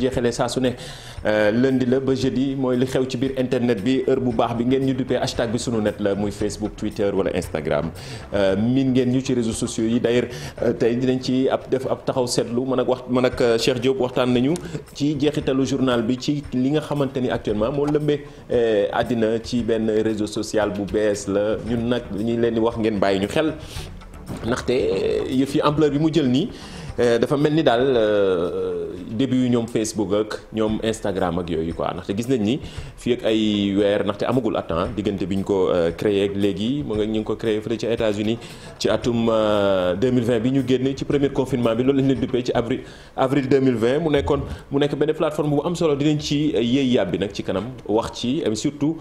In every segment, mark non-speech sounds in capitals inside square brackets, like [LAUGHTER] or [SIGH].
jeexalee saa su ne euh, lëndi la ba jeudi mooy lu xew ci biir internet bi heure bu baax bi ngeen ñu duppee hashtag bi sunu net la muy Facebook Twitter wala Instagram euh, miin ngeen ñu ci réseau sociaux yi d'ailleurs euh, tey dinañ ci ab def ab taxaw seetlu man ak wax man ak Cheikh Diop waxtaan nañu ci jeexitalu journal bi ci li nga xamante ni actuellement moo lëmbee àddina ci benn réseau social bu bees la ñun nag ñu leen di wax ngeen bàyyi ñu xel ndaxte yëf yi ampleur bi mu jël nii. Euh, dafa mel ni daal euh, début yu ñoom Facebook ak ñoom Instagram ak yooyu quoi ndaxte gis nañ ni fii ak ay weer ndaxte amagul at ah, diggante bi ñu ko euh, créé ak léegi mu nga ñu ngi ko créé fële ci États-Unis ci atum 2020 bi ñu génn ci premier confinement bi loolu lañ leen duppee ci avril avril 2020 mu nekkoon mu nekk benn plateforme bu am solo dinañ ci yéey yàbbi nag ci kanam wax ci surtout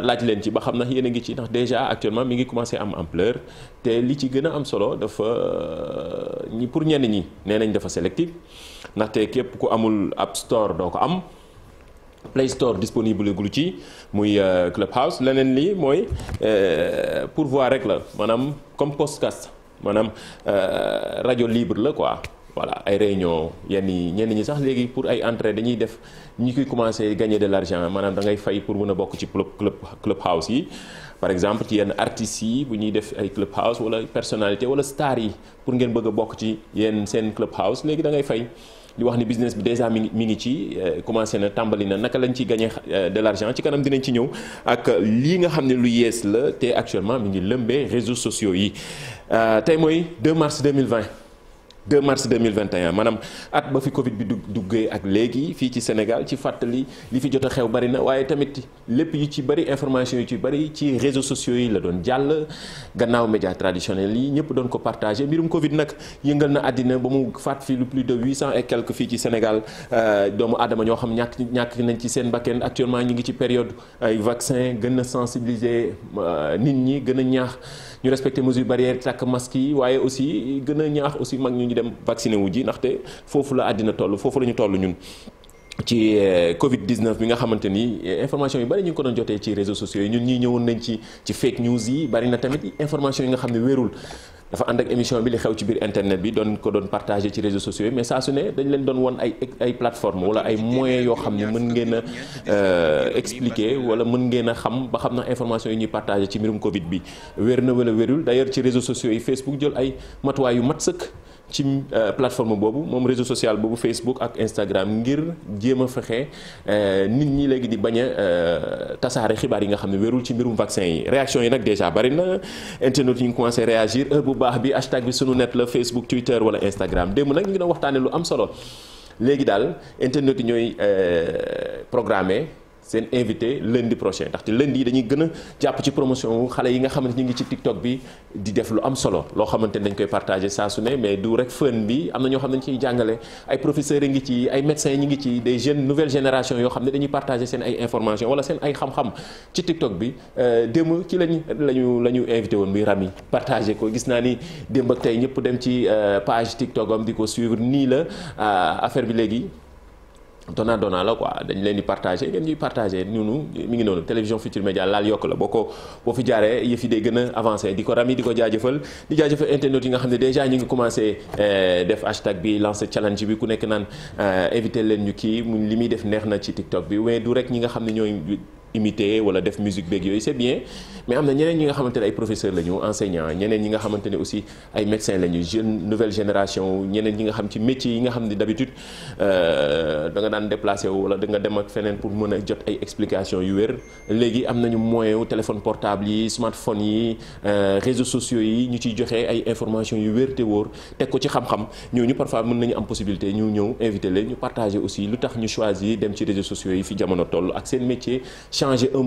laaj leen ci ba xam na yéen a ngi ci ndax déjà actuellement mi ngi commencé am ampleur te li ci gën a am solo dafa ñenn ñi nee nañ dafa sélectif ndaxte képp ku amul ab Store doo ko am Play Store disponible gul ci muy euh, Clubhouse leneen lii mooy pour euh, pourvoir rek la maanaam comme podcast maanaam euh, rajo libre la quoi voilà ay réunion yenn yi ñenn ñi sax léegi pour ay entrée dañuy def ñi koy commencé gagner de l'argent maanaam da ngay fay pour mën a bokk ci club club clubhouse yi par exemple ci yenn artistes yi bu ñuy def ay club house wala personnalité wala star yi pour ngeen bëgg a bokk ci yenn seen club house léegi da ngay fay di wax ni business bi déjà mi ngi mi ngi ci euh, commencé na tàmbali na naka lañ ci gagné euh, de l'argent ci kanam dinañ ci ñëw ak lii nga xam ne lu yees la te actuellement mi ngi lëmbee réseaux sociaux yi euh, tey mooy 2 mars 2020. 2 mars 2021 maanaam at ba fi Covid bi duggee ak léegi fii ci Sénégal ci fàttali li fi jot a xew bari na waaye tamit lépp yu ci bari information yi ci bari ci réseau sociaux yi la doon jàll gannaaw médias traditionnels yi ñëpp doon ko partagé mbirum Covid nag yëngal na àddina ba mu fàtt fii lu plus de 800 et quelques fii ci Sénégal euh, doomu aadama ñoo xam ñàkk ñàkk nañ ci seen bakkeen actuellement ñu ngi ci période ay vaccin gën a sensibiliser euh, nit ñi gën a ñaax. ñu respecté mesure barrière tàkk masque yi waaye aussi gën a ñaax aussi mag ñu ñu dem vacciné wu ji ndaxte foofu la àddina toll foofu la ñu toll ñun ci euh, Covid 19 bi nga xamante ni euh, information yi bari ñu ngi ko doon jotee ci réseaux sociaux yi ñun ñii ñëwoon nañ ci ci fake news yi bari na tamit information yi nga xam ne wéerul dafa ànd ak émission bi li xew ci biir internet bi doon ko doon partagé ci réseaux sociaux yi mais saa su ne dañ leen doon won ay ay plateforme wala ay moyens yoo xam ne mën ngeen a euh, expliquer wala mën ngeen a xam ba xam na information yi ñuy partagé ci mbirum Covid bi wér na wala wérul d'ailleurs ci réseaux sociaux yi Facebook jël ay matuwaay yu mat sëkk ci euh, plateforme boobu moom réseau social boobu Facebook ak Instagram ngir jéem a fexe euh, nit ñi léegi di bañ a euh, tasaare xibaar yi nga xam ne wérul ci mbirum vaccin yi réaction yi nag déjà bari na internet yi ñu commencé réagir heure bu baax bi hashtag bi sunu net la Facebook Twitter wala Instagram démb nag ñu ngi doon waxtaanee lu am solo léegi daal internet yi ñooy programme seen invité lundi prochain ndaxte lundi yi dañuy gën a jàpp ci promotion wu xale yi nga xamante ñu ngi ci TikTok bi di def lu am solo loo xamante ne dañ koy partagé saa su ne mais du rek fën bi am na ñoo xam ne ciy jàngale ay professeurs yi ngi ci ay médecins yi ngi ci des jeunes nouvelle génération yoo xam ne dañuy partagé seen ay information wala seen ay xam-xam ci TikTok bi euh, démb ci lañ lañu la ñu invité woon muy Rami partagé ko gis naa ni démb ak tey ñëpp dem ci euh, page TikTok am di ko suivre nii la euh, affaire bi léegi dona dona la quoi dañ leen di partagé ngeen ñuy partagé ñunu mi ngi noonu télévision Futur Média laal yokk la boo ko boo fi jaaree yëf yi gën a avancé di ko rami di ko jaajëfal di jaajëfal internet yi nga xam ne déjà ñu ngi commencé eh, def hashtag bi lancé challenge bi ku nekk naan éviter eh, leen ñu kii mu li muy def neex na ci TikTok bi mais du rek ñi nga xam ne ñooy imiter wala def musique beeg yooyu c'est bien mais am na ñeneen ñi nga xamante ne ay professeurs lañu enseignants ñeneen ñi nga xamante ne aussi ay médecins lañu jeune nouvelle génération ñeneen ñi nga xam ci métier yi nga xam ne d'habitude euh, da nga daan déplacé wu wala da nga dem ak feneen pour mën a jot ay explications yu wér léegi am nañu moyen wu téléphone portable yi smartphone yi euh, réseaux sociaux yi ñu ciy joxe ay information yu wér te wóor teg ko ci xam-xam ñooñu parfois mën nañu am possibilité ñu ñëw invité leen ñu partager aussi lu tax ñu choisir dem ci réseaux sociaux yi fi jamono toll ak seen métier. changer un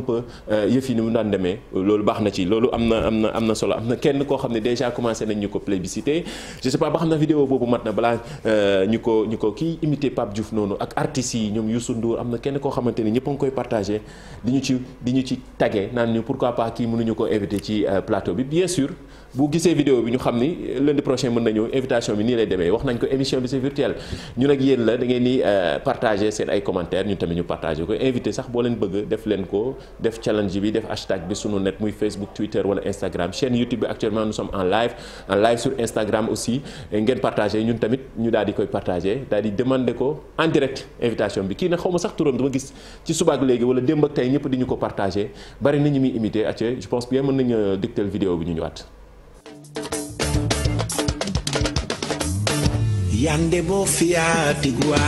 euh, yëf yi ni mu daan demee loolu baax na ci loolu am na am na am na solo am na kenn koo xam ne déjà commencé nañ ñu ko plébiscité je sais pas ba xam na vidéo boobu mat na balaa euh, ñu ko ñu ko kii imité Pape Diouf noonu ak artistes yi ñoom Youssou Ndour am na kenn koo xamante ni ñëpp a koy partagé di ñu ci di ñu ci tagee naan ñu pourquoi pas kii mënuñu ko invité ci euh, plateau bi bien sûr bu gisee vidéo bi ñu xam ni lundi prochain mën na invitation bi nii lay demee wax nañ ko émission bi c'est virtuel ñun ak yéen la da ngeen ni euh, partager seen ay commentaires ñun tamit ñu partager ko invité sax boo bëgg def leen ko def challenge bi def hashtag bi sunu net muy Facebook Twitter wala Instagram chaîne YouTube bi actuellement nous sommes en live en live sur aussi ngeen partager ñun tamit ñu daal di koy partager daal di demander ko en direct invitation bi kii nag xaw ma sax turam dama gis ci subaak léegi wala démb ak tey ñëpp di ñu ko partager bari na ñu muy imité acca je pense bien mën nañu dictel vidéo bi ñu ñëwaat. yande bo fiya tigwa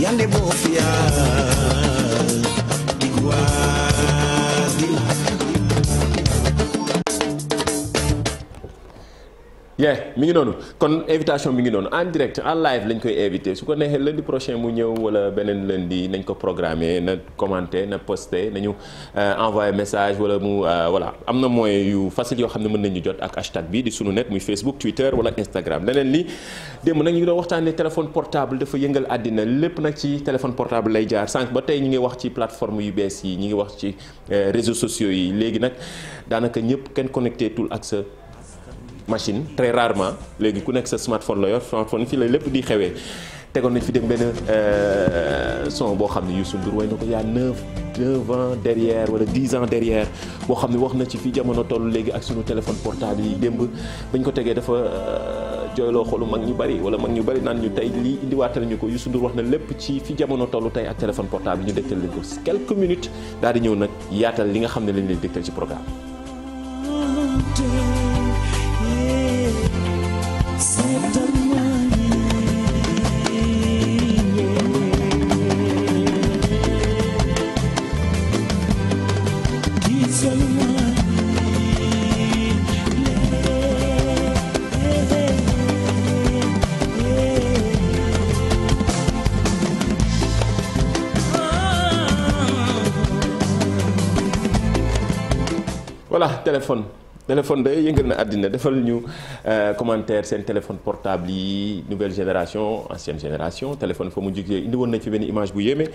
yande bo fiya tigwa yeah mi ngi noonu kon invitation mi ngi noonu en direct en live lañ koy invité su ko neexee lundi prochain mu ñëw wala beneen lundi nañ ko programmer na commenter na poster nañu euh, envoyé message wala mu euh, voilà am na moyen yu facile yoo xam ne mën nañu jot ak hashtag bi di sunu net muy Facebook Twitter wala Instagram leneen li démb nag ñu ngi doon waxtaanee téléphone portable dafa yëngal àddina lépp nag ci téléphone portable lay jaar sànq ba tey ñu ngi wax ci plateforme yu bees yi ñu ngi wax ci euh, réseaux sociaux yi léegi nag daanaka ñëpp kenn connecté tul ak sa. machine très rarement léegi ku nekk sa smartphone la yor smartphone fii la lépp di xewee tegoon nañ fi dem benn euh, son boo xam ne yu Ndour du na ko yaa neuf neuf wala dix ans derrière boo xam ne wax na ci fii jamono toll léegi ak suñu téléphone portable yi démb bañ ko tegee dafa euh, jooyloo xolu mag ñu bari wala mag ñu bari naan ñu tey lii indiwaatal ñu ko Youssou Ndour wax na lépp ci fi jamono tollu tey ak téléphone portable ñu dégtal leen ko quelques minutes daal di ñëw nag yaatal li nga xam ne lañ leen dégtal ci programme voilà téléphone téléphone da yëngal na àddina defal ñu euh, commentaire seen téléphone portable yi nouvelle génération ancienne génération téléphone fa mu jugee indi woon nañ fi benn image bu yéeme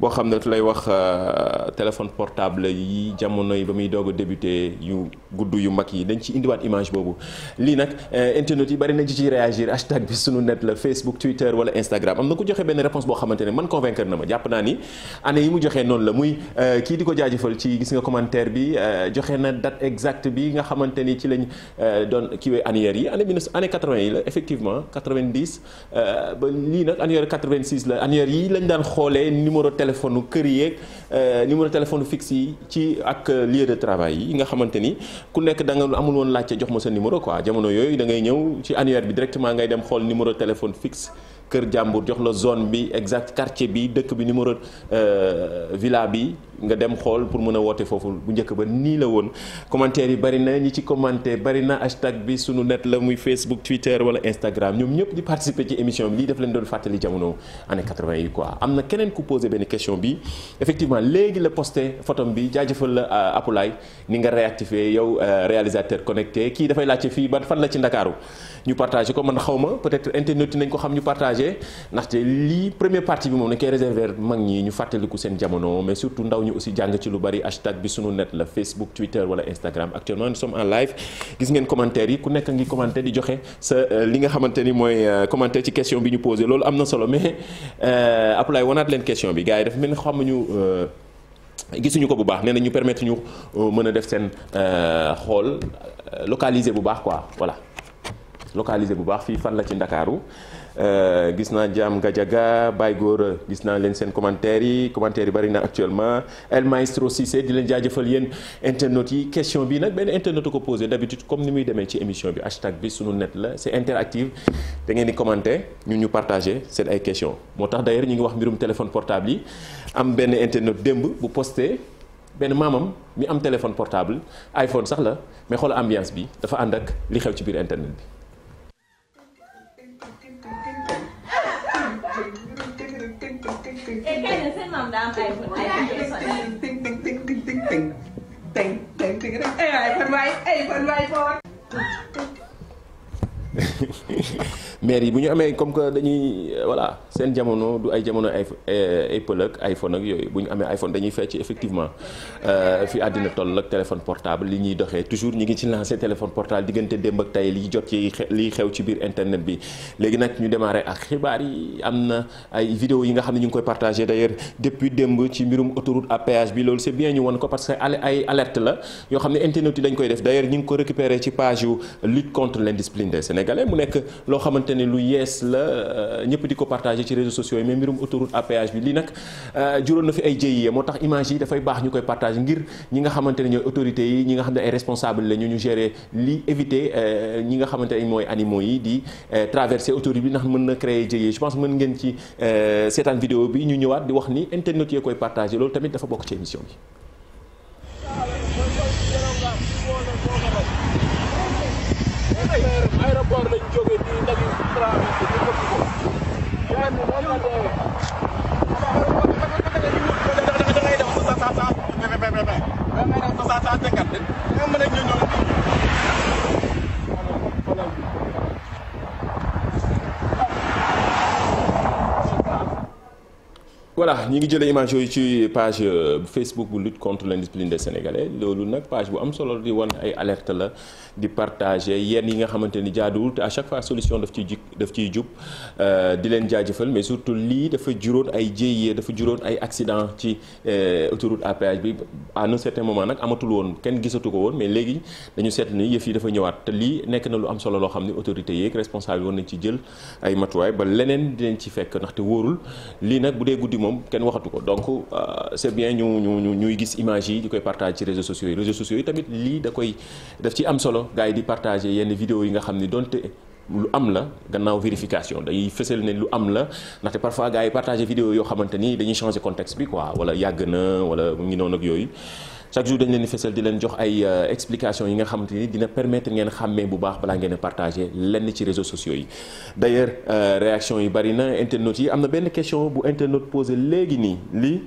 boo xam ne lay wax euh, téléphone portable yi jamono yi ba muy doog a débuté yu gudd yu mag yi dañ ci indiwaat image boobu lii nag euh, internet yi bari nañ ci ciy réagir [LAUGHS] hashtag bi sunu net la Facebook Twitter wala Instagram am na ku joxe benn réponse boo xamante ne man convaincre na ma jàpp naa ni année yi mu joxe noonu la muy kii di ko jaajëfal ci gis nga commentaire bi joxe na exacte bi nga xamante ni ci lañ euh, doon kiiwee annuaires yi année minus année 80 yi la effectivement 90 euh, ba lii nag annuaire 86 la annuaires yi lañ daan xoolee numéro téléphone kër yeeg euh, numéro téléphone fixe yi ci ak lieu de travail yi nga xamante ni ku nekk da nga amul woon laajte jox ma sa numéro quoi jamono yooyu da ngay ñëw ci annuaire bi directement ngay dem xool numéro téléphone fixe kër jàmbur jox la zone bi exact quartier bi dëkk bi numéro villa bi. nga dem xool pour mën a woote foofu bu njëkk ba nii la woon commentaire yi bari na ñi ci commenté bari na hashtag bi sunu net la muy Facebook Twitter wala Instagram ñoom ñëpp di participer ci émission bi lii daf leen doon fàttali jamono année 80 yi quoi am na keneen ku posé benn question bi effectivement léegi la posté photom bi jaajëfal la euh, Apulaay ni nga réactivé yow euh, réalisateur connecté kii dafay laajte fii ban fan la ci Ndakaaru ñu partagé ko man xaw ma peut-être internet yi nañ ko xam ñu partagé ndaxte lii première partie bi moom dañ koy réserver mag ñi ñu fàttaliku seen jamono mais surtout aussi jàng ci lu bari hashtag bi sunu net la Facebook Twitter wala Instagram actuellement nous sommes en live gis ngeen commentaire yi ku nekk ngi commenter di joxe sa euh, li nga xamante ni mooy euh, commentaire ci question bi ñu posé loolu am na solo mais euh, Ablaye wanaat leen question bi gars yi dafa mel ni xamuñu gisuñu ko bu baax nee na ñu permettre ñu mën a def seen xool localiser bu baax quoi voilà localiser bu baax fii fan la ci Ndakaaru Euh, gis naa Jam Gajaga Baye Gora gis naa leen seen commentaires yi commentaires yi bari na actuellement El Maestro Cissé di leen jaajëfal yéen internautes yi question bi nag benn internaute ko posé d'habitude comme ni muy demee ci émission bi bi sunu net la c'est interactive da ngeen di commenter ñun ñu partager seen ay questions moo tax d'ailleurs ñu ngi wax mbirum téléphone portable yi am benn internaute démb bu posté benn maamam mi am téléphone portable iPhone sax la may xool ambiance bi dafa ànd ak li xew ci biir internet bi. ting ting ting ting ting ting ting ting ting ay ay fan waay ay fan waay maire yi bu ñu amee comme que dañuy euh, voilà seen jamono du ay jamono ay euh, Apple ak iPhone ak yooyu bu ñu amee iPhone dañuy fecc effectivement euh, fi àddina toll ak téléphone portable li ñuy doxee toujours ñu ngi ci lancé téléphone portable diggante démb ak tey li jot ci liy xew ci biir internet bi léegi nag ñu démarré ak xibaar yi am na ay vidéo yi nga xam ne ñu ngi koy partagé d'ailleurs depuis démb ci mbirum autoroute à péage bi loolu c'est bien ñu won ko parce que ay alerte la yoo xam koy def d'ailleurs ñu ngi ko récupéré ci page yu lutte contre l'indiscipline des mu nekk xamante lu yees la euh, ñëpp di ko partage ci réseaux sociaux yi mais mbirum autoroute bi lii nag euh, juróon na fi ay jëyee moo tax image yi dafay baax ñu koy partage ngir ñi nga xamante ne ñooy autorités yi ñi nga xam ne ay responsable la ñu ñu gérer li éviter euh, ñi nga xamante ne mooy animaux yi di traverser autoroute bi ndax mën na créer jëyee je pense mën ngeen ci seetaan vidéo bi ñu ñëwaat di wax ni internet yee koy partagé loolu tamit dafa bokk ci émission bi Thank you. voilà ñi ngi jëlee image yooyu ci page euh, Facebook bu lutte contre l'indiscipline de Sénégalais loolu nag page bu am solo di wan ay alerte la di partager yenn yi nga xamante ni jaaduwul te à chaque fois solution daf ciy jik daf ciy jub euh, di leen jaajëfal mais surtout lii dafa juróon ay jéyee dafa juróon ay accident ci euh, autoroute à péage bi à un certain moment nag amatul woon kenn gisatu ko woon mais léegi dañu seet ni yëf yi dafa ñëwaat te lii nekk na lu am solo loo xam ne autorités yeeg responsable yi nañ ci jël ay matuwaay ba leneen dinañ ci fekk ndaxte wóorul lii moom kenn waxatu ko donc euh, c'est bien ñu ñu ñu ñuy gis image yi ñu koy partage ci réseaux sociaux yi réseaux tamit lii da koy daf ci am solo gars yi di partage yenn vidéo yi nga xam ni donte lu am la gannaaw vérification day fësal ne lu am la ndaxte parfois gars yi partage vidéo yoo xamante ni dañuy changer contexte bi quoi wala yàgg na wala mu ngi noonu ak yooyu chaque jour dañ leen di fësal di leen jox ay euh, explication yi nga xamante ni dina permettre ngeen xàmmee bu baax balaa ngeen a lenn ci réseaux sociaux yi d' ailleurs euh, réaction yi bari na internautes yi am na benn question bu internaute posé léegi nii lii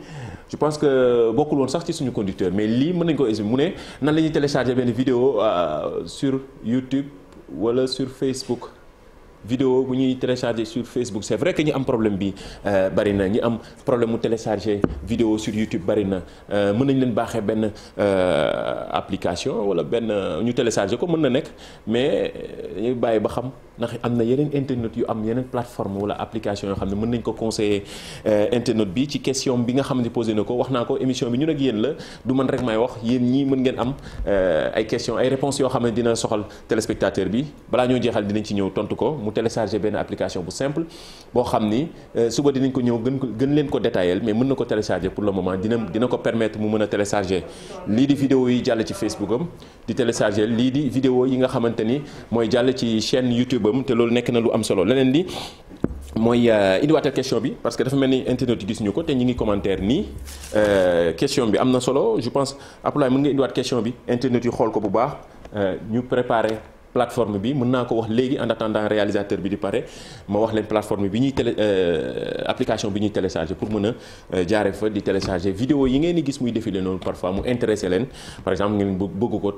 je pense que bokkul woon sax ci suñu conducteur mais lii mën nañ ko expliquer mu ne nan la ñuy télécharger benn vidéo euh, sur YouTube wala sur Facebook vidéo bu ñuy télécharger sur Facebook c'est vrai que ñi am problème bi euh, bari na ñi am problème mu télécharger video sur YouTube bari na euh, mën nañ leen baaxee benn euh, application wala benn ñu télécharger ko mën na nekk mais ñu bàyyi ba xam ndax am na yeneen internet yu am yeneen plateforme wala application yoo xam ne mën nañ ko conseiller internet bi ci question bi nga xam ne posé na ko wax naa ko émission bi ñu ak yéen la du man rek may wax yéen ñii mën ngeen am ay question ay réponses yoo xam ne dina soxal téléspectateur bi balaa ñoo jeexal dinañ ci ñëw tontu ko télécharger benn application bu simple boo xam ni euh, suba dinañ ko ñëw gën ko gën leen ko détailler mais mën na ko télécharger pour le moment dina dina ko permettre mu mën a télécharger lii di vidéo yi jàll ci Facebook am di télécharger lii di vidéo yi nga xamante ni mooy jàll ci chaîne YouTube am te loolu nekk na lu am solo leneen li mooy euh, indiwaatal question bi parce que dafa mel ni internet yi gisuñu ko te ñu ngi commentaire nii euh, question bi am na solo je pense Abdoulaye mën nga indiwaat question bi internet yi xool ko bu baax ñu préparer plateforme bi mën naa ko wax léegi en attendant réalisateur bi di pare ma wax leen plateforme bi ñuy télé euh, application bi ñuy télécharger pour mën a euh, jaare fa di télécharger vidéo yi ngeen di gis muy défilé noonu parfois mu intéressé leen par exemple ngeen bëgg ko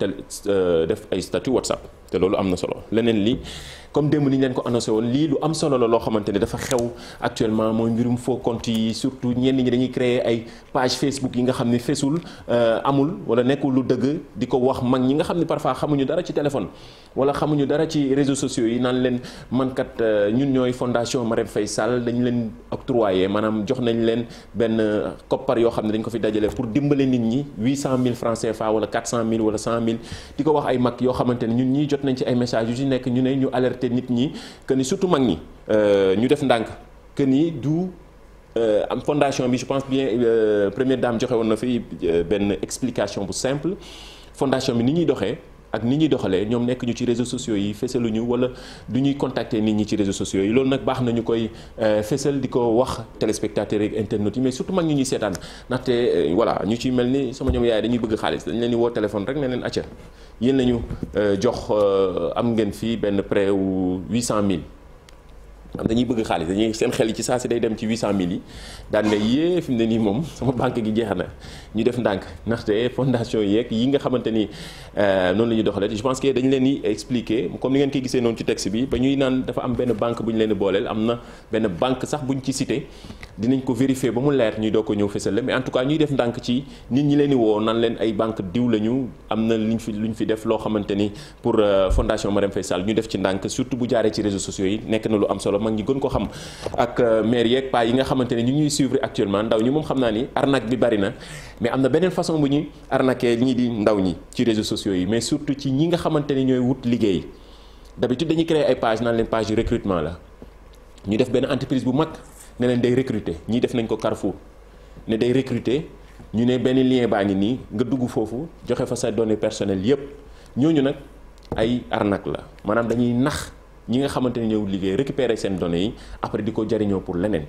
euh, def ay statut WhatsApp te loolu am na solo leneen li comme démb ni ñu leen ko annoncé woon lii lu am solo la loo xamante ne dafa xew actuellement mooy mbirum faux compte yi surtout ñenn ñi dañuy créer ay page Facebook yi nga xam ni fesul euh, amul wala nekkul lu dëgg di ko wax mag ñi nga xam ne parfois xamuñu dara ci téléphone wala xamuñu dara ci réseaux sociaux yi naan leen mankat euh, ñun ñooy fondation Marème Faye Sall dañu leen octroyé maanaam jox nañ leen benn euh, koppar yoo xam ne dañ ko fi dajale pour dimbale nit ñi 800000 francs CFA wala 400000 jot nañ ci ay messages yu ci nekk ñu ne ñu alerter nit ñi que ni surtout mag ñi euh, ñu def ndànk que ni du euh, am fondation bi je pense bien euh, première dame joxe woon na fi benn explication bu simple fondation bi ni ñuy doxee. ak ni ñuy doxalee ñoom nekk ñu ci réseaux sociaux yi fësaluñu wala du ñuy contacter nit ñi ci réseaux sociaux yi loolu nag baax nañu ñu koy fësal di ko wax téléspectateurs yi internautes yi mais surtout mag ñi ñuy seetaan ndaxte voilà ñu ci mel ni sama ñoom yaay dañuy bëgg xaalis dañ leen di woo téléphone rek ne leen acca yéen la ñu euh, jox euh, am ngeen fii benn prêt wu 800000. am dañuy bëgg xaalis dañuy seen xel yi ci saa si day dem ci 800000 yi daan ne yee fi mu ne nii moom [LAUGHS] sama banque gi jeex na ñu def ndànk ndaxte fondation yeeg yi nga xamante ni euh, noonu la ñuy doxalee je pense que dañu leen di expliquer comme ni ngeen koy gisee noonu ci texte bi ba ñuy naan dafa am benn banque bu ñu leen booleel am na benn banque sax bu ñu ci cité. dinañ ko vérifier ba mu leer ñuy doo ko ñëw fësal la mais en tout cas ñuy def ndànk ci nit ñi leen di woo nan leen ay banque diw la ñu am na luñ fi luñ fi def loo xamante ni pour euh, fondation Marème Faye Sall ñu def ci ndànk surtout bu jaaree ci réseaux sociaux yi nekk na lu am solo mag ñi gën ko xam ak euh, maire yeeg paa yi nga xamante ne ñu ñuy suivre actuellement ndaw ñi moom xam naa ni arnaque bi bari na mais am na beneen façon bu ñuy arnaquer ñii di ndaw ñi ci réseaux sociaux yi mais surtout ci ñi nga xamante ni ñooy wut liggéey d'habitude dañuy créer ay page naan leen page la ñu def benn entreprise bu mag ne leen day recruter ñii def nañ ko Carrefour ne day recruter ñu ne benn lien baa ngi nii nga dugg foofu joxe fa sa données personnelles yépp ñooñu nag ay arnaque la maanaam dañuy nax ñi nga xamante ne ñëw liggéey récupérer seen données yi après di ko jariñoo pour leneen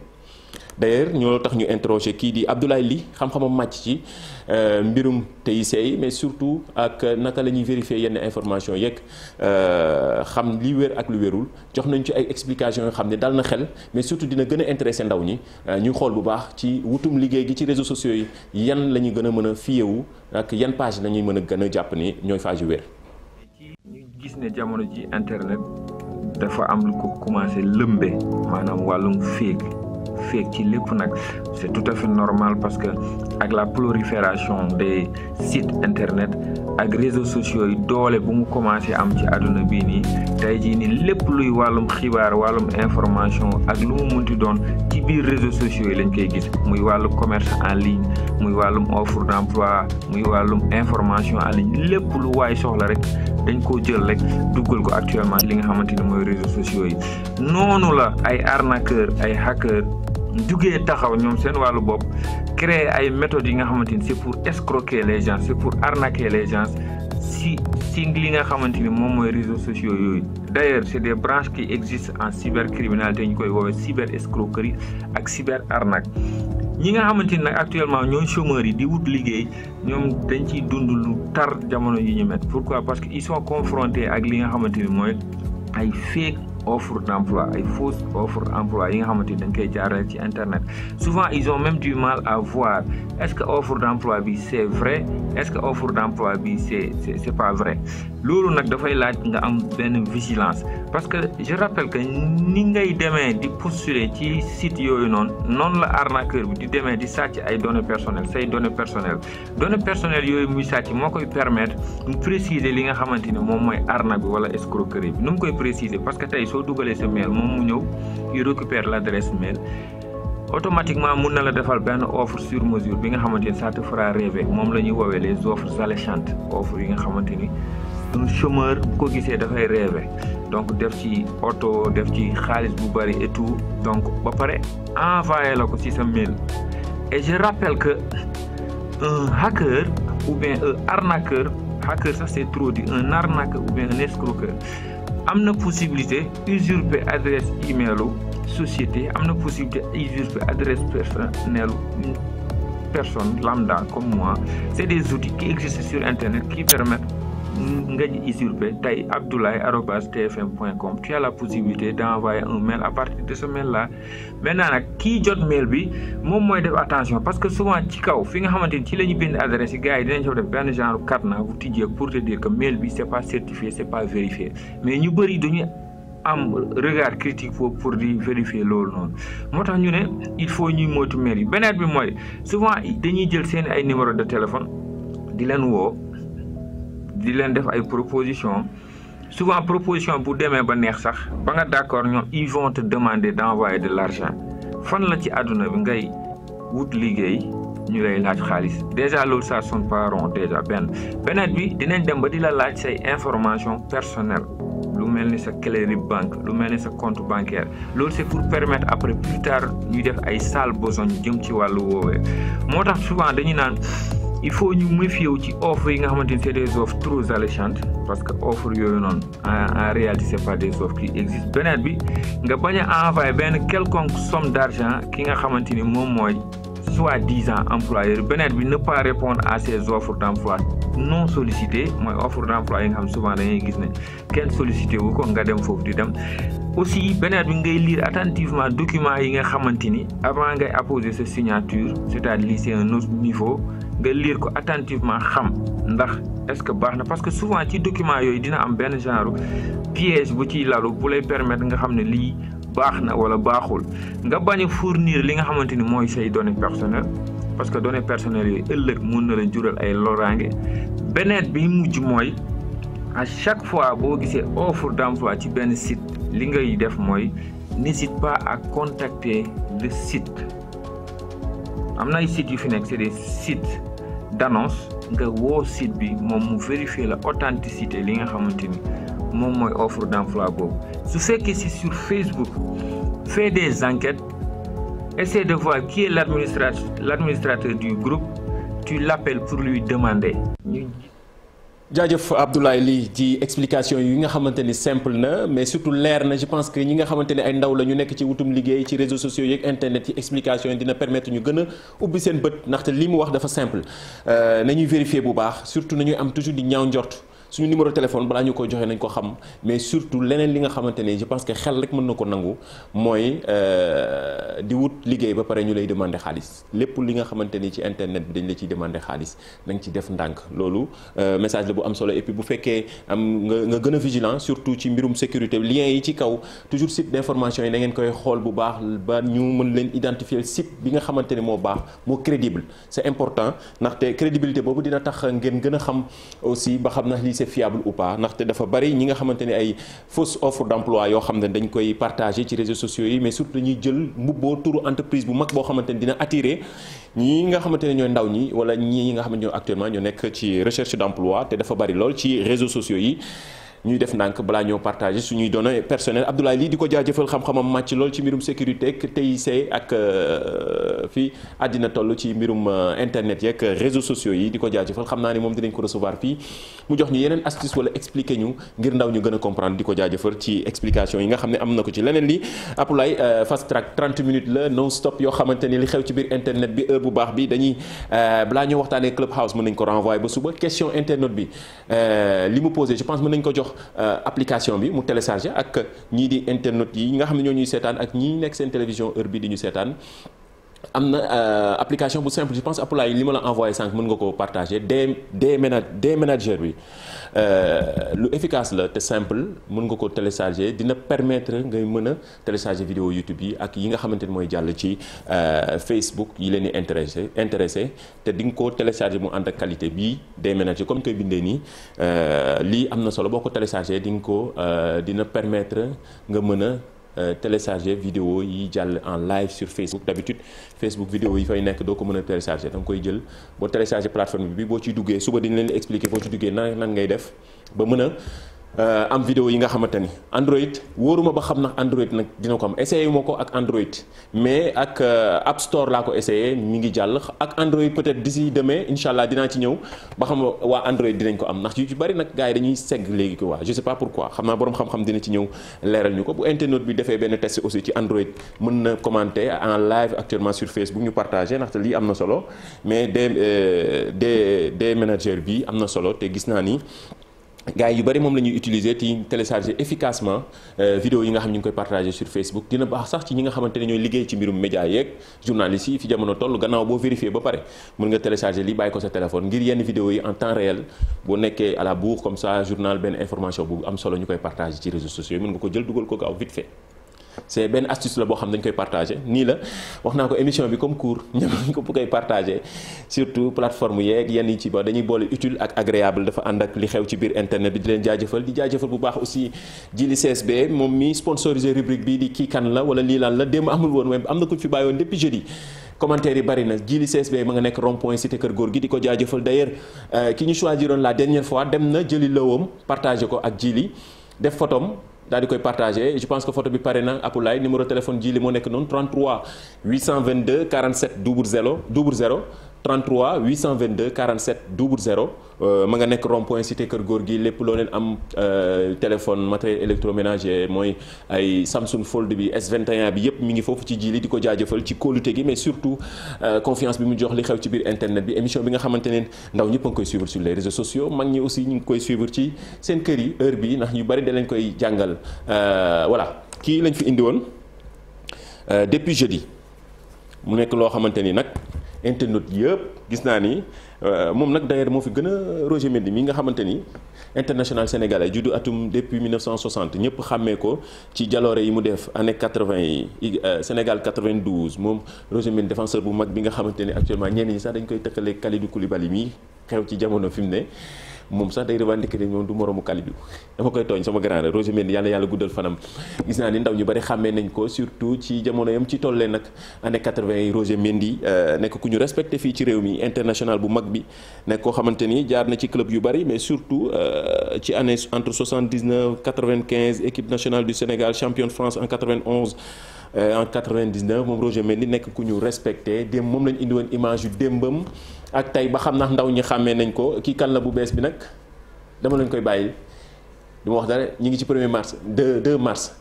d'ailleurs ñoo tax ñu interroger kii di Abdoulaye Ly xam-xamam màcc ci euh, mbirum TIC yi mais surtout ak euh, naka la ñuy vérifier yenn information yeeg euh, xam li wér ak lu wérul jox nañ ci ay explications yoo xam ne dal na xel mais surtout dina gën a intéressé ndaw ñi ñu xool bu baax ci wutum liggéey gi ci réseaux sociaux yi yan la ñu gën a mën a fiyewu ak yan page la ñuy mën a gën a jàpp ni ñooy page yu wér. ñu gis ne jamono ji internet dafa am lu ko commencé lëmbe maanaam wàllum féeg feeg ci lépp nag c'est tout à fait normal parce que ak la prolifération de sites internet ak réseau sociaux yi doole bu mu commencé am ci adduna bii nii tey jii nii lépp luy wàllum xibaar wàllum information ak lu mu munti doon ci biir réseaux sociaux yi lañ koy gis muy wàllu commerce en ligne muy wàllum offre d'emploi muy wàllum information en ligne lépp lu waay soxla rek dañ koo jël rek duggal ko actuellement li nga xamante ni mooy réseaux sociaux yi juggee taxaw ñoom seen wàllu bopp créer ay méthodes yi nga xamante ni c'est pour escroquer les gens c'est pour arnaquer les gens si si li nga xamante ni moom mooy réseaux sociaux yooyu d'ailleurs c'est des branches qui existent en cybercriminalité ñu koy woowee cyberescroquerie ak cyberarnaque ñi nga xamante ni nag actuellement ñooy chômeurs yi di wut liggéey ñoom dañ ciy dundu lu tar jamono yi ñu met pourquoi parce que ils sont confrontés ak li nga xamante ni mooy ay fake offre d' emploi ay fausses offres emploi yi nga xamante ni dañ koy jaarale ci internet souvent ils ont même du mal à voir est ce que offre d' bi c' est vrai est ce que offre d' bi c' est c' est pas vrai loolu nag dafay laaj nga am benn vigilance parce que je rappelle que ni ngay demee di postuler ci site yooyu noonu noonu la kër bi di demee di sàcc ay données personnelles say données personnel données personnelles yooyu muy sàcc moo koy permettre mu préciser li nga xamante ni moom mooy arnaque bi wala escroquerie bi nu mu koy préciser parce que tey soo dugalee sa mail moom mu ñëw il récupère l' adresse mail. automatiquement mun na la defal benn offre sur bi nga xamante ni ça te fera moom la ñuy woowee les offres alléchantes offre yi nga xamante ni un chômeur bu ko gisee dafay rêver donc def ci oto def ci xaalis bu bëri et tout donc ba pare envoyé la ko ci sa mail et je rappelle que un hacker ou bien un arnaqueur hacker ça c'est trop dit un arnaqueur ou bien un escroqueur am na possibilité usurper adresse e-mailu société am na possibilité usurper adresse personnelle une personne lambda comme moi c'est des outils qui existent sur internet qui permettent nga ñu usurper tey abdoulaye arobase tfm point com tu as la possibilité d' envoyer un mail à partir de semaine la là maintenant nag kii jot mail bi moom mooy def attention parce que souvent ci kaw fi nga xamante ni ci la ñu bind adresse yi gars yi dinañ fa def benn genre cadenas bu tijjee pour te dire que mail bi c' est pas certifié c' pas vérifié mais ñu bëri dañuy am regard critique foofu pour di vérifier loolu noonu moo tax ñu ne il faut ñuy moytu mail yi beneen bi mooy souvent dañuy jël seen ay numéro de téléphone di leen woo di leen def ay proposition souvent proposition bu demee ba neex sax ba nga d'accord ñoom ils vont te demander d'envoyer de l'argent fan la ci àdduna bi ngay wut liggéey ñu lay laaj xaalis déjà lool sa son pas rond benn beneen bi dinañ dem ba di la laaj say information personnel lu mel ni sa clé RIB banque lu mel ni sa compte bancaire lool c'est pour permettre après plus tard ñu def ay sale besoin jëm ci wàllu woowee moo tax souvent dañu naan il faut ñu méfier wu ci offre yi nga xamante ni c'est des offres trop alléchantes parce que offre yooyu noonu en réalité c'est pas des offres qui existent bi nga bañ a benn quelconque somme d'argent ki nga xamante ni moom mooy soi-disant employeur beneen bi ne pas répondre à ces offres d'emploi non solicité mooy offre d'emploi yi nga xam souvent dañuy gis ne kenn solicité wu ko nga dem foofu di dem aussi beneen bi ngay lire attentivement document yi nga xamante ni avant ngay apposer sa signature c'est-à-dire lii c'est niveau nga lire ko attentivement xam ndax est-ce que baax na parce que souvent ci document yooyu dina am benn genre piège bu ciy lalu bu lay permettre nga xam ne lii baax na wala baaxul nga bañ a fournir li nga xamante ni mooy say données personnelles parce que données personnelles yi ëllëg mun na la jural ay loraange beneen bi mujj mooy a chaque fois boo gisee offre d'emploi ci benn site li ngay def mooy n'hésite pas à contacter le site am na ay yu fi nekk c'est des sites d'annonce nga woo site bi moom mu vérifier la authenticité li nga xamante ni moom mooy offre d'emploi boobu su fekkee si sur Facebook fais des enquêtes Essaie de voir qui est l'administrateur du groupe tu l'appelles pour lui demander. jaajëf Abdoulaye lii ci explication yi nga xamante ni simple na mais surtout leer na je pense que ñi nga xamante ni ay ndaw la ñu nekk ci wutum liggéey ci réseaux sociaux yeeg internet yi explication yi dina permettre ñu gën a ubbi seen bët ndaxte li mu wax dafa simple euh, nañuy vérifier bu baax surtout nañuy am toujours di ñaaw njort. suñu numéro téléphone balaa ñu koy joxe nañ ko xam mais surtout leneen li nga xamante ne je pense que xel rek mën na ko nangu mooy euh, di wut liggéey ba pare ñu lay demander xaalis lépp li nga xamante ni ci internet bi dañ la ciy demander xaalis na ci def ndànk loolu euh, message la bu am solo et bu fekkee am nga nga gën a vigilant surtout ci mbirum sécurité lien yi ci kaw toujours site d'information yi da ngeen koy xool bu baax ba ñu mën leen identifier site bi nga xamante ne moo baax moo crédible c'est important ndaxte crédibilité boobu dina tax ngeen gën a xam aussi ba xam na c'est fiable ou pas ndaxte dafa bari ñi nga xamante ne ay fausse offre d'emploi yoo xam ne dañ koy partager ci réseaux sociaux yi mais surtout ñuy jël mbubboo turu entreprise bu mag boo xamante ne dina attirer ñi nga xamante ne ñooy ndaw ñi wala ñi nga xamante ne ñoo actuellement ñoo nekk ci recherche d'emploi te dafa bari lool ci réseaux sociaux yi ñuy def ndànk balaa ñoo partage suñuy données personnelles Abdoulaye lii di ko jaajëfal xam-xamam màcc lool ci mbirum sécurité ak TIC ak euh, fii àddina toll ci mbirum euh, internet yeeg réseaux sociaux yi di ko jaajëfal xam naa ni moom dinañ ko recevoir fii mu jox ñu yeneen astuce wala expliquer ñu ngir ndaw ñu gën a comprendre di ko jaajëfal ci explication yi nga xam ne am na ko ci leneen li Abdoulaye euh, fast track 30 minutes la non stop yoo xamante ni li xew ci biir internet bi bu baax bi dañuy balaa ñoo waxtaanee clubhouse mën nañ ko renvoyer ba suba question internet bi li mu ko jox jox euh, application bi mu télécharger ak ñii di internet yi nga xam ne ñoo ñuy seetaan ak ñii nekk seen télévision heure bi di ñu seetaan. am na euh, application bu simple je pense Apple yi li ma la envoyé sànq mën nga ko partager des des manag des manager bi. Euh, lu efficace la te simple mën nga ko télécharger dina permettre ngay mën a télécharger vidéo YouTube yi ak yi nga xamante ni mooy jàll ci euh, Facebook yi leen di intéressé intéressé te di nga ko télécharger mu ànd ak qualité bii day ménager comme koy bindee nii euh, lii am na solo boo ko télécharger di nga ko dina permettre nga mën a Euh, télécharger vidéo yi jàll en live sur Facebook d'habitude Facebook video yi fay nekk doo ko mën a télécharger da nga koy jël boo télécharger plateforme bi boo ciy duggee suba dañ leen expliquer boo ci duggee nan nan ngay def ba mën a Euh, am vidéo yi nga xamante ni Android wóoruma ba xam ndax Android nag dina ko am essayé ma ko ak Android mais ak euh, App Store laa ko essayé mi ngi jàll ak Android peut di d'ici demee incha allah dinaa ci ñëw ba xam waa Android dinañ ko am ndax yu ci bari nag gars yi dañuy segg léegi ko waa je sais pas pourquoi xam naa boroom xam-xam dina ci ñëw leeral ñu ko bu internet bi defee benn test aussi ci Android mën na commenter en live actuellement sur Facebook ñu partagé ndaxte lii am na solo mais des euh, des des managers bi am na solo te gis naa ni. gars yu bëri moom la ñuy utiliser di télécharger efficacement euh, vidéo yi nga xam ñu ngi koy partager sur Facebook dina baax sax ci ñi nga xamante ne ñooy liggéey ci mbirum média yeeg journalistes yi fi jamono toll gannaaw boo vérifier ba pare mën nga télécharger lii bàyyi ko sa téléphone ngir yenn vidéo yi en temps réel boo nekkee à la bourre comme ça journal benn information bu am solo ñu koy partager ci réseaux sociaux yi mën nga ko jël dugal ko gaaw vite c'est benn astuce la boo xam dañ koy partagé nii la wax naa ko émission bi comme cours [LAUGHS] ñëpp dañ ko koy partagé surtout plateforme yeeg yenn yi ci ba dañuy boole utile ak agréable dafa ànd ak li xew ci biir internet bi di leen jaajëfal di jaajëfal bu baax aussi jili CSB moom mi sponsorisé rubrique bi di kii kan la wala lii lan la démb amul woon waaye am na ku fi bàyyoon depuis jeudi commentaire yi bari na jili CSB ma nga nekk rond point cité kër góor ko jaajëfal d'ailleurs euh, ki ñu choisiroon fois dem na jëli lëwoom partagé ko ak jili def photom daal di koy partagé je pense que photo bi pare na Apulaay numéro téléphone ji li moo nekk noonu 33 822 47 00 00 33 822 47 00 euh, ma nga nekk rond-point cité Kër Góor gi lépp loo leen am euh, téléphone matériel électroménager mooy ay Samsung Fold bi S21 bi yëpp mu ngi foofu ci jili di ko jaajëfal ci kóolute gi mais surtout euh, confiance bi mu jox li xew ci biir internet bi émission bi nga xamante ne ndaw ñëpp a ngi koy suivre sur les réseaux sociaux mag ñi aussi ñu ngi koy suivre ci seen kër yi heure bi ndax ñu bari dalañ koy jàngal voilà kii lañ fi indi woon depuis jeudi mu nekk loo xamante ni nag. internet yëpp gis naa ni euh, moom nag d'ailleurs moo fi gën a Roger Mendy mi nga xamante ni international sénégalais juddu atum depuis 1960 ñëpp xàmmee ko ci jaloore yi mu def année 80 yi euh, Sénégal 92 moom Roger Mendy défenseur bu mag bi nga xamante ni actuellement ñenn ñi sax dañ koy tëkkaleeg Kalidou Koulibaly mi xew ci jamono fi mu ne. moom sax day revendiquer ne moom du moroomu Kalidou dama koy tooñ sama grand Roger Mendy yàlla yàlla guddal fanam gis naa ni ndaw ñu bari xàmmee nañ ko surtout ci jamono yam ci tollee nag année 80 yi Roger Mendy euh, nekk ku ñu respecté fii ci réew mi international bu mag bi nekk koo xamante ni jaar na ci club yu bari mais surtout euh, ci année entre 79 95 équipe nationale du Sénégal champion de France en Euh, en 99 moom Roger Mendy nekk ku ñu respecté démb moom lañ indi image yu démbam ak tey ba xam ndax ndaw ñi xàmmee nañ ko kii kan la bu bees bi nag dama lañ koy bàyyi du ma wax dara ñu ngi ci premier mars de 2 mars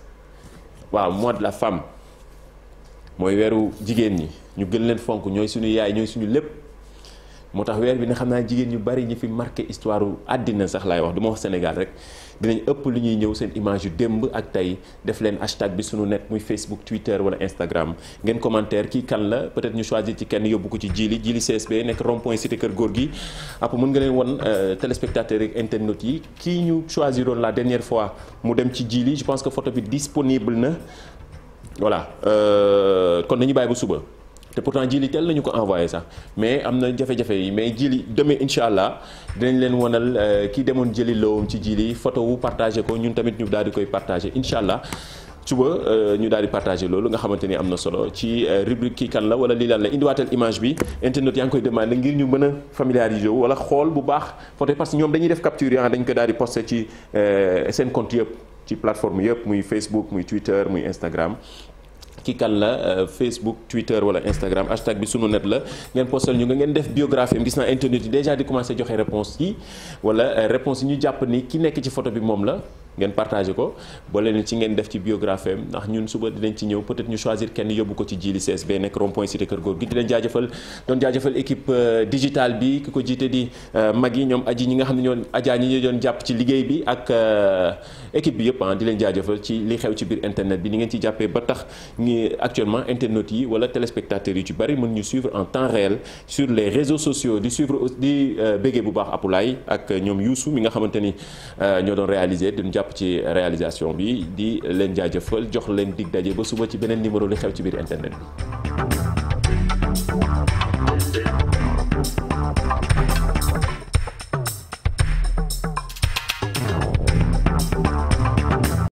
waaw mois de la femme mooy weeru jigéen ñi ñu gën leen fonk ñooy suñu yaay ñooy suñu lépp moo tax weer bi na xam naa jigéen ñu bari ñi fi marqué histoire àddina sax laay wax du ma wax Sénégal rek dinañ ëpp lu ñuy ñëw seen image yu démb ak tey def leen hashtag bi suñu net muy Facebook Twitter wala Instagram ngeen commentaire kii kan la peut-être ñu choisir ci kenn yóbbu ko ci jili jili CSB nekk rond point cité kër góor gi app mën nga leen won euh, téléspectateurs ak internet yi kii ñu choisiroon la dernière fois mu dem ci jili je pense que photo bi disponible na voilà euh, kon nañu bàyyi ba suba te pourtant jili teel nañu ko envoyé sax mais am na jafe-jafe yi mais jili demee incha allah dinañ leen wanal euh, ki demoon jëli lowam ci jii jili photo wu partagé ko ñun tamit ñu daal di koy partagé incha allah suba euh, ñu daal di partagé loolu nga xamante ni am na solo ci euh, rubrique kii kan la wala lii lan la indiwaatal image bi internet yaa ngi koy demandé ngir ñu mën a familiariser wu wala xool bu baax photo parce que ñoom dañuy def capture ah, dañ ko daal di posté ci seen compte yëpp ci plateforme yëpp muy Facebook muy Twitter muy Instagram ki kan la euh, Facebook Twitter wala Instagram hashtag bi sunu net la ngeen postal ñu nga ngeen def biographie am gis naa internet yi déjà di commencé joxe réponse yi wala euh, réponse yi ñu jàpp ni ki nekk ci photo bi moom la ngeen partagé ko boole leen ci ngeen def ci biographie ndax ñun suba di dinañ ci ñëw peut-être ñu choisir kenn yóbbu ko ci jili CSB nekk rond point cité kër góor gi di leen jaajëfal doon jaajëfal euh, bi ki ko jiite di euh, mag yi ñoom aji ñi nga xam ne ñoon ajaa ñi ñu doon jàpp ci liggéey bi ak euh, équipe bi yëpp ah di leen jaajëfal ci li xew ci biir internet bi ni ngeen ci jàppee ba tax ñi actuellement internet yi wala téléspectateurs yi ci bari mën ñu suivre en temps réel sur les réseaux sociaux di suivre di béggee bu baax Apulaay ak ñoom Youssou mi nga xamante ni ñoo doon réaliser ci réalisation bi di leen jaajëfal jox leen dig daje ba suba ci beneen numéro li xew ci biir internet bi